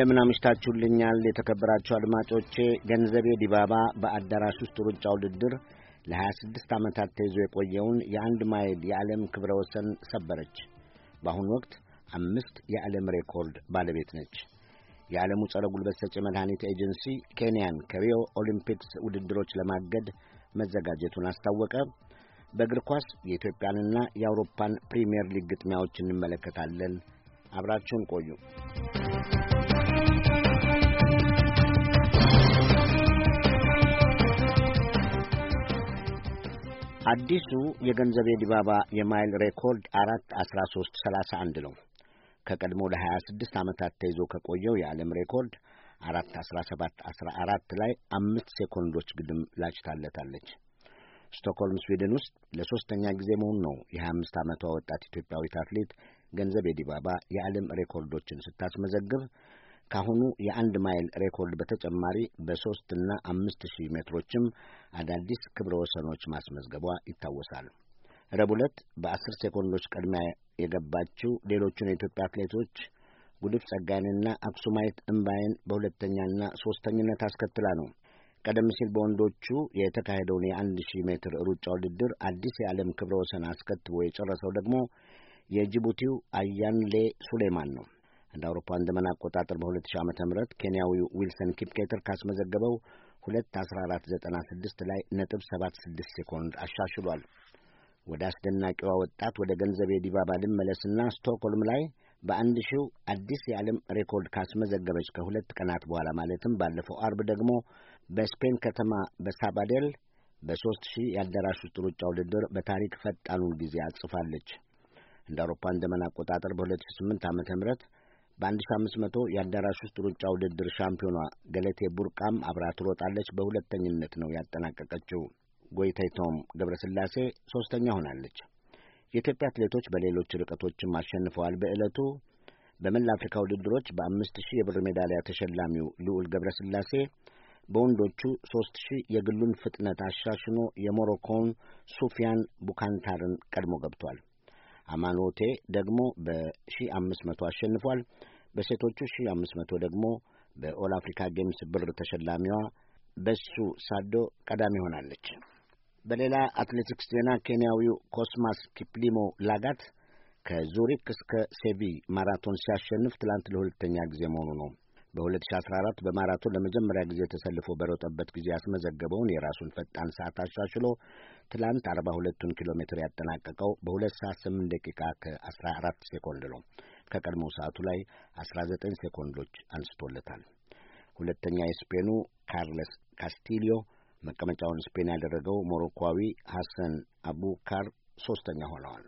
እንደምን አምሽታችሁልኛል የተከበራችሁ አድማጮቼ። ገንዘቤ ዲባባ በአዳራሽ ውስጥ ሩጫ ውድድር ለ26 ዓመታት ተይዞ የቆየውን የአንድ ማይል የዓለም ክብረ ወሰን ሰበረች። በአሁኑ ወቅት አምስት የዓለም ሬኮርድ ባለቤት ነች። የዓለሙ ጸረ ጉልበት ሰጪ መድኃኒት ኤጀንሲ ኬንያን ከሪዮ ኦሊምፒክስ ውድድሮች ለማገድ መዘጋጀቱን አስታወቀ። በእግር ኳስ የኢትዮጵያንና የአውሮፓን ፕሪምየር ሊግ ግጥሚያዎች እንመለከታለን። አብራችሁን ቆዩ። አዲሱ የገንዘቤ ዲባባ የማይል ሬኮርድ አራት አስራ ሶስት ሰላሳ አንድ ነው። ከቀድሞ ለሀያ ስድስት ዓመታት ተይዞ ከቆየው የዓለም ሬኮርድ አራት አስራ ሰባት አስራ አራት ላይ አምስት ሴኮንዶች ግድም ላጭታለታለች። ስቶክሆልም ስዊድን ውስጥ ለሦስተኛ ጊዜ መሆኑ ነው የሀያ አምስት ዓመቷ ወጣት ኢትዮጵያዊት አትሌት ገንዘቤ ዲባባ የዓለም ሬኮርዶችን ስታስመዘግብ ካሁኑ የአንድ ማይል ሬኮርድ በተጨማሪ በሦስት እና አምስት ሺህ ሜትሮችም አዳዲስ ክብረ ወሰኖች ማስመዝገቧ ይታወሳል። ረቡዕ ዕለት በአስር ሴኮንዶች ቀድሚያ የገባችው ሌሎቹን የኢትዮጵያ አትሌቶች ጉድፍ ጸጋይንና አክሱማይት እምባይን በሁለተኛና ሦስተኝነት አስከትላ ነው። ቀደም ሲል በወንዶቹ የተካሄደውን የአንድ ሺህ ሜትር ሩጫ ውድድር አዲስ የዓለም ክብረ ወሰን አስከትቦ የጨረሰው ደግሞ የጅቡቲው አያንሌ ሱሌማን ነው። እንደ አውሮፓውያን ዘመን አቆጣጠር በ2000 ዓመተ ምህረት ኬንያዊው ዊልሰን ኪፕኬተር ካስመዘገበው 2:14.96 ላይ ነጥብ 76 ሴኮንድ አሻሽሏል። ወደ አስደናቂዋ ወጣት ወደ የዲባባ ዲባባ ልመለስና ስቶክሆልም ላይ በአንድ ሺው አዲስ የዓለም ሬኮርድ ካስመዘገበች ከሁለት ቀናት በኋላ ማለትም ባለፈው አርብ ደግሞ በስፔን ከተማ በሳባዴል በሦስት ሺህ የአዳራሽ ውስጥ ሩጫ ውድድር በታሪክ ፈጣኑን ጊዜ አጽፋለች። እንደ አውሮፓን ዘመን አቆጣጠር በ2008 ዓ ም በ1500 የአዳራሽ ውስጥ ሩጫ ውድድር ሻምፒዮኗ ገለቴ ቡርቃም አብራ ትሮጣለች። በሁለተኝነት ነው ያጠናቀቀችው። ጎይታይቶም ገብረስላሴ ሦስተኛ ሆናለች። የኢትዮጵያ አትሌቶች በሌሎች ርቀቶችም አሸንፈዋል። በዕለቱ በመላ አፍሪካ ውድድሮች በአምስት ሺህ የብር ሜዳሊያ ተሸላሚው ልዑል ገብረስላሴ በወንዶቹ ሦስት ሺህ የግሉን ፍጥነት አሻሽኖ የሞሮኮውን ሱፊያን ቡካንታርን ቀድሞ ገብቷል። አማኖቴ ደግሞ በሺህ አምስት መቶ አሸንፏል። በሴቶቹ 1500 ደግሞ በኦል አፍሪካ ጌምስ ብር ተሸላሚዋ በሱ ሳዶ ቀዳሚ ሆናለች። በሌላ አትሌቲክስ ዜና ኬንያዊው ኮስማስ ኪፕሊሞ ላጋት ከዙሪክ እስከ ሴቪ ማራቶን ሲያሸንፍ ትላንት ለሁለተኛ ጊዜ መሆኑ ነው። በ2014 በማራቶን ለመጀመሪያ ጊዜ ተሰልፎ በሮጠበት ጊዜ ያስመዘገበውን የራሱን ፈጣን ሰዓት አሻሽሎ ትላንት 42ቱን ኪሎ ሜትር ያጠናቀቀው በ2 ሰዓት 8 ደቂቃ ከ14 ሴኮንድ ነው። ከቀድሞው ሰዓቱ ላይ 19 ሴኮንዶች አንስቶለታል። ሁለተኛ የስፔኑ ካርለስ ካስቲሊዮ፣ መቀመጫውን ስፔን ያደረገው ሞሮኳዊ ሐሰን አቡካር ሦስተኛ ሆነዋል።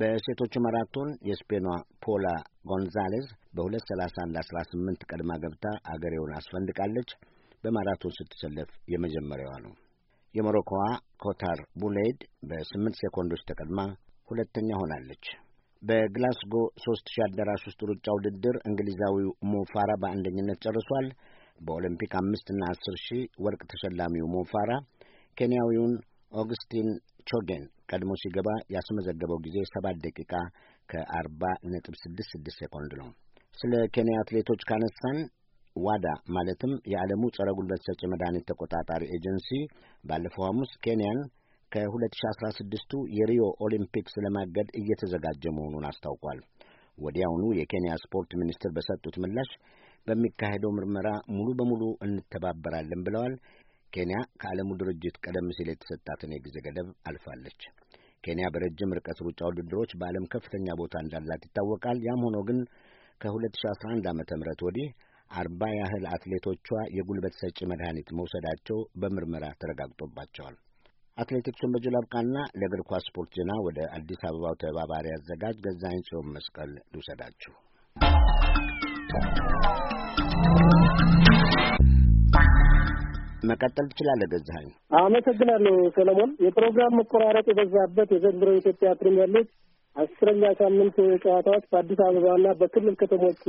በሴቶቹ ማራቶን የስፔኗ ፖላ ጎንዛሌዝ በ ሰላሳ አንድ ቀድማ ገብታ አገሬውን አስፈንድቃለች። በማራቶን ስትሰለፍ የመጀመሪያዋ ነው። የሞሮኮዋ ኮታር ቡሌድ በስምንት ሴኮንዶች ተቀድማ ሁለተኛ ሆናለች። በግላስጎ ሶስት ሺህ አዳራሽ ውስጥ ሩጫ ውድድር እንግሊዛዊው ሞፋራ በአንደኝነት ጨርሷል። በኦሎምፒክ አምስትና አስር ሺህ ወርቅ ተሸላሚው ሞፋራ ኬንያዊውን ኦግስቲን ቾጌን ቀድሞ ሲገባ ያስመዘገበው ጊዜ ሰባት ደቂቃ ከአርባ ነጥብ ስድስት ስድስት ሴኮንድ ነው። ስለ ኬንያ አትሌቶች ካነሳን ዋዳ ማለትም የዓለሙ ጸረ ጉልበት ሰጪ መድኃኒት ተቆጣጣሪ ኤጀንሲ ባለፈው ሐሙስ ኬንያን ከ2016ቱ የሪዮ ኦሊምፒክስ ለማገድ እየተዘጋጀ መሆኑን አስታውቋል። ወዲያውኑ የኬንያ ስፖርት ሚኒስትር በሰጡት ምላሽ በሚካሄደው ምርመራ ሙሉ በሙሉ እንተባበራለን ብለዋል። ኬንያ ከዓለሙ ድርጅት ቀደም ሲል የተሰጣትን የጊዜ ገደብ አልፋለች። ኬንያ በረጅም ርቀት ሩጫ ውድድሮች በዓለም ከፍተኛ ቦታ እንዳላት ይታወቃል። ያም ሆኖ ግን ከ2011 ዓ ም ወዲህ አርባ ያህል አትሌቶቿ የጉልበት ሰጪ መድኃኒት መውሰዳቸው በምርመራ ተረጋግጦባቸዋል። አትሌቲክሱን በጅል አብቃና ለእግር ኳስ ስፖርት ዜና ወደ አዲስ አበባው ተባባሪ አዘጋጅ ገዛኝ ጽዮን መስቀል ልውሰዳችሁ። መቀጠል ትችላለህ ገዛኝ አመሰግናለሁ ሰለሞን። የፕሮግራም መቆራረጥ የበዛበት የዘንድሮ የኢትዮጵያ ፕሪምየር ሊግ አስረኛ ሳምንት ጨዋታዎች በአዲስ አበባና በክልል ከተሞች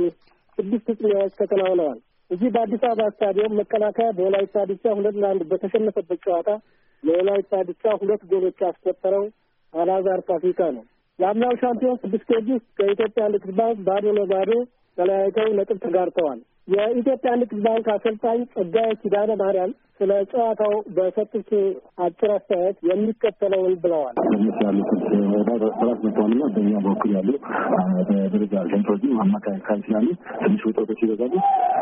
ስድስት ፍጻሜዎች ተከናውነዋል። እዚህ በአዲስ አበባ ስታዲየም መከላከያ በወላይታ ዲቻ ሁለት ለአንድ በተሸነፈበት ጨዋታ ለወላይታ ድቻ ሁለት ጎሎች ያስቆጠረው አላዛር ፋሲካ ነው። የአምናው ሻምፒዮን ስድስት ኬጂ ውስጥ ከኢትዮጵያ ንግድ ባንክ ባዶ ለባዶ ተለያይተው ነጥብ ተጋርተዋል። የኢትዮጵያ ንግድ ባንክ አሰልጣኝ ጸጋይ ኪዳነ ማርያም ስለ ጨዋታው በሰጡት አጭር አስተያየት የሚከተለውን ብለዋል። በኛ በኩል ያሉ በደረጃ ሸንቶጂ አማካኝ ካል ስላሉ ትንሽ ውጥረቶች ይበዛሉ።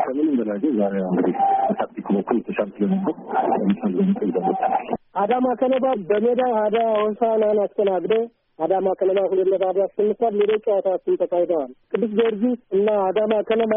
ከምንም በላይ ዛሬ እንግዲህ ታክቲክ በኩል የተሻለ ስለነበር የሚፈልገ ይጠይዛቦታል አዳማ ከነባ በሜዳ ሀዳ ሆሳናን አስተናግደ አዳማ ከነማ ሁለት ለባዶ አሸንፏል። ሌሎች ጨዋታዎችም ተካሂደዋል። ቅዱስ ጊዮርጊስ እና አዳማ ከነማ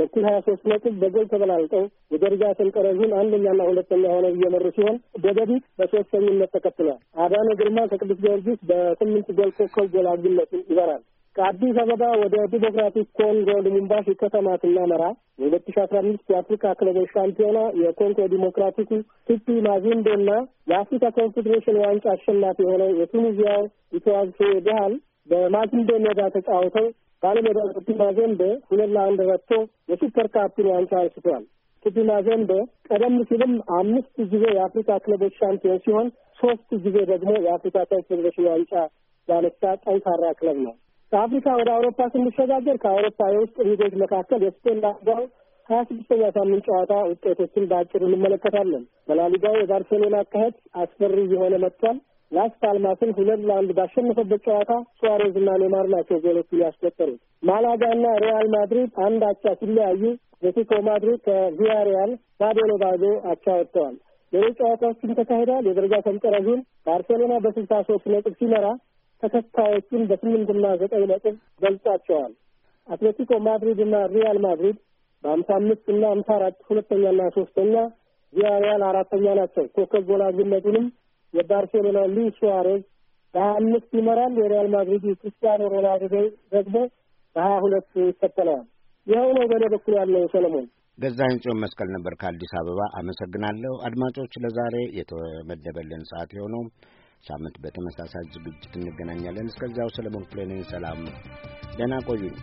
በኩል ሀያ ሶስት ነጥብ በጎል ተበላልጠው የደረጃ ሰንጠረዡን አንደኛና ሁለተኛ ሆነው እየመሩ ሲሆን ደደቢት በሶስተኝነት ተከትሏል። አዳነ ግርማ ከቅዱስ ጊዮርጊስ በስምንት ጎል ኮከብ ጎል አግቢነቱ ይበራል። ከአዲስ አበባ ወደ ዲሞክራቲክ ኮንጎ ሉሙምባሺ ከተማ ስናመራ የሁለት ሺ አስራ አምስት የአፍሪካ ክለቦች ሻምፒዮና የኮንጎ ዲሞክራቲኩ ቲፒ ማዚምቤና የአፍሪካ ኮንፌዴሬሽን ዋንጫ አሸናፊ የሆነው የቱኒዚያው ኢቶዋዝ ዳሃል በማዚምቤ ሜዳ ተጫውተው ባለሜዳ ቲፒ ማዜምቤ ሁለት ለአንድ ረትቶ የሱፐር ካፕን ዋንጫ አንስቷል። ቲፒ ማዜምቤ ቀደም ሲልም አምስት ጊዜ የአፍሪካ ክለቦች ሻምፒዮን ሲሆን ሶስት ጊዜ ደግሞ የአፍሪካ ኮንፌዴሬሽን ዋንጫ ያነሳ ጠንካራ ክለብ ነው። ከአፍሪካ ወደ አውሮፓ ስንሸጋገር ከአውሮፓ የውስጥ ሊጎች መካከል የስፔን ላሊጋው ሀያ ስድስተኛ ሳምንት ጨዋታ ውጤቶችን በአጭር እንመለከታለን። በላሊጋው የባርሴሎና አካሄድ አስፈሪ እየሆነ መጥቷል። ላስ ፓልማስን ሁለት ለአንድ ባሸነፈበት ጨዋታ ሱዋሬዝ እና ኔማር ናቸው ጎሎቹን ያስቆጠሩት። ማላጋ እና ሪያል ማድሪድ አንድ አቻ ሲለያዩ አትሌቲኮ ማድሪድ ከቪያሪያል ባዶ ለባዶ አቻ ወጥተዋል። ሌሎች ጨዋታዎችም ተካሂደዋል። የደረጃ ሰንጠረዡን ባርሴሎና በስልሳ ሶስት ነጥብ ሲመራ ተከታዮቹን በስምንትና ዘጠኝ ነጥብ በልጧቸዋል። አትሌቲኮ ማድሪድ እና ሪያል ማድሪድ በአምሳ አምስት እና አምሳ አራት ሁለተኛና ሶስተኛ፣ ቪያሪያል አራተኛ ናቸው። ኮከብ ጎል አግቢነቱንም የባርሴሎና ሉዊስ ሱዋሬዝ በሀያ አምስት ይመራል። የሪያል ማድሪድ ክርስቲያኖ ሮናልዶ ደግሞ በሀያ ሁለት ይከተለዋል። ይኸው ነው በእኔ በኩል ያለው ሰለሞን። ገዛኸኝ ጽዮን መስቀል ነበር ከአዲስ አበባ አመሰግናለሁ። አድማጮች ለዛሬ የተመደበልን ሰዓት የሆነው ሳምንት በተመሳሳይ ዝግጅት እንገናኛለን። እስከዚያው ሰለሞን ክፍሌ ነኝ። ሰላም፣ ደህና ቆዩኝ።